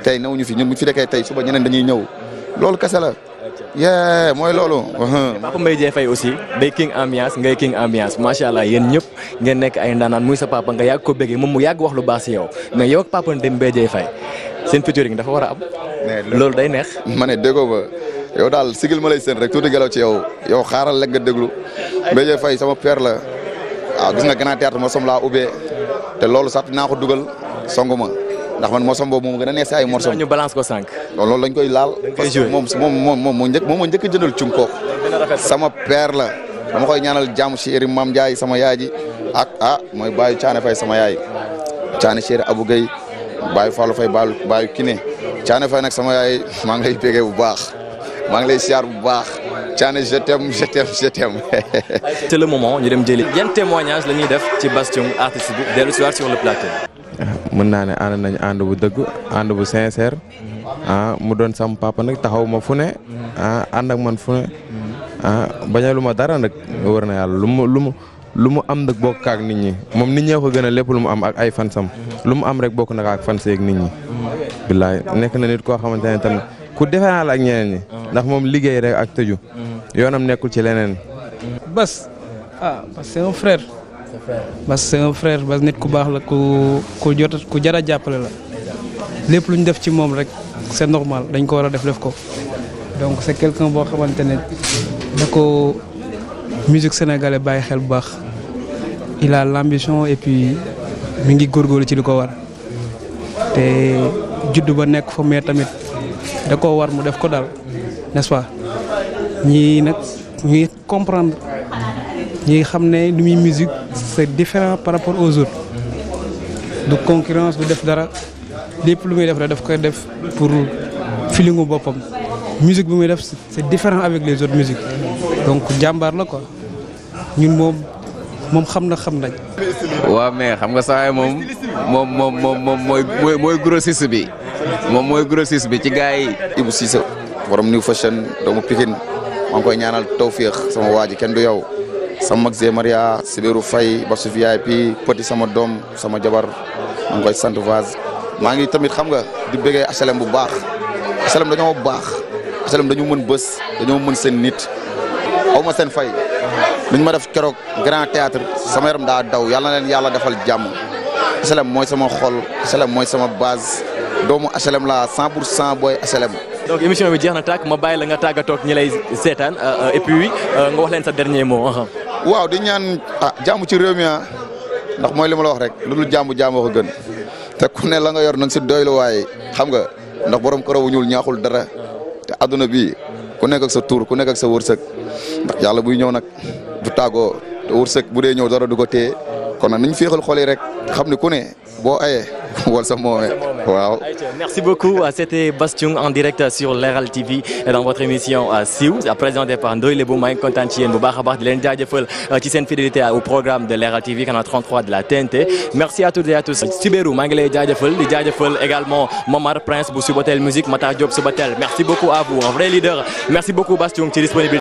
tey newuñu fi ñun bu ñu fi dekkee tey suba ñeneen dañuy ñëw loolu kese la. yee mooy loolu. Uh-huh. Papa Mbaye Dieye Faye aussi day king ambiance ngay king ambiance macha allah yéen ñëpp ngeen nekk ay ndaanaan muy sa papa nga yàgg ko bëggee moom mu yàgg wax lu baax si yow mais yow ak Papa Mbaye Dieye Faye seen featuring dafa war a am. loolu day neex. ma ne déggoo ba daal sigil ma lay seen rek tuuti gelaw ci yow yow xaaral lekk nga déglu Mbaye Dieye sama père la waaw ah, gis nga grand théâtre ma som laa ubbee te loolu sax dinaa ko dugal songu ma. ndax man morsom boobu moom gën a neex si ay morsom ñu balance ko sànq loolu lañ koy laal parce que moom moom moom moo njëkk moom moo njëkk jëndal cunkoo sama père la dama koy ñaanal jàmm chéri Mame Ndiaye sama yaay ji ak ah mooy baayu Caane Fay sama yaay Caane chéri Abou Gueye baayu Fallou Fay baayu baayu Kiné Caane Fay nag sama yaay maa ngi lay bégee bu baax maa ngi lay siyaar bu baax Caane je t'aime je t'aime je t'aime c'est le moment ñu dem jëli yan témoignage la ñuy def ci Bass Thioung artiste bi dellu si waat sur le plateau mën naa ne ànd nañ ànd bu dëgg ànd bu sincère mhm. ah mu doon sama papa nag taxaw ma fu ne mhm. ah ànd ak man fu ne mhm. ah ma dara nag wër na yàlla lu mu lu mu lu mu am nag bokk ak nit ñi moom nit ñee ko gën lépp lu mu am ak ay fansam lu mu am rek bokk na ak fan yeeg nit ñi billaay nekk na nit koo xamante ne tamit ku defenaa la ak ñeneen ndax moom liggéey rek ak tëju yoonam nekkul ci leneen bas parce ah, que c'est parce que c'est un frère ba nit ku baax la ku jot ku jar a jàppale la lépp lu ñu def ci moom rek c'est normal dañ ko war a def def ko donc c'est quelqu'un boo xamante ne da ko musique sénégalaise bàyyi xel bu baax il a l'ambition et puis mi ngi góorgóorlu ci li ko war te juddu ba nekk fa mais tamit da koo war mu def ko daal nest pas ñii comprendre ñi xam ne lu muy musique c'est différent par rapport au autres du concurrence du def dara lépp lu muy def rek daf koy def pour filimu boppam musique bi muy def c'est différent avec les autres musiques donc jàmbaar la ko ñun moom moom xam na xam nañ. waaw mais xam nga saa moom moom moom moom moom mooy mooy mooy grossiste bi moom mooy grossiste bi ci gars yi. Ibou Cissé borom New Fashion doomu Pikine maa ngi koy ñaanal tawféex sama waa ji kenn du yow. sama mag Zé Maria Sibéru fay ba su VIP petit sama doom sama jabar maa ngi koy sant vase maa ngi tamit xam nga di bëggee HLM bu baax HLM dañoo baax HLM dañu mën bës dañoo mën seen nit aw ma seen fay nuñ ma def keroog grand théâtre sama yaram daa daw yàlla na leen yàlla defal jàmm HLM mooy sama xol HLM mooy sama base doomu HLM la 100 pour 100 booy HLM. donc émission bi jeex na tàkk ma bàyyi la nga tàggatoo ak ñi lay seetaan euh, euh, et euh, nga wax leen sa waaw di ñaan ah jàmm ci réew mi ah, ndax mooy li ma la wax rek lu dul jàmm jàmm wax a gën te ku ne la nga yor nang si doylu waaye xam nga ndax borom karaw wu ñuul ñaaxul dara te adduna bi ku nekk ak sa tuur ku nekk ak sa wërsëg ndax yàlla buy ñëw nag du tàggoo te wërsëg bu dee ñëw dara du ko téye kon nag nañ féexal xol yi rek xam ne ku ne boo ayee wol sa moome waaw. merci ah, euh, euh, euh, bu baax a baax di leen jaajëfal ci seen fidélité au programme de Leral TV canal 33 de la TNT merci à toutes et à maa ngi lay jaajëfal di jaajëfal également Momar Prince bu Subatel Musique Matar Diop Subatel merci beaucoup à vous un vrai leader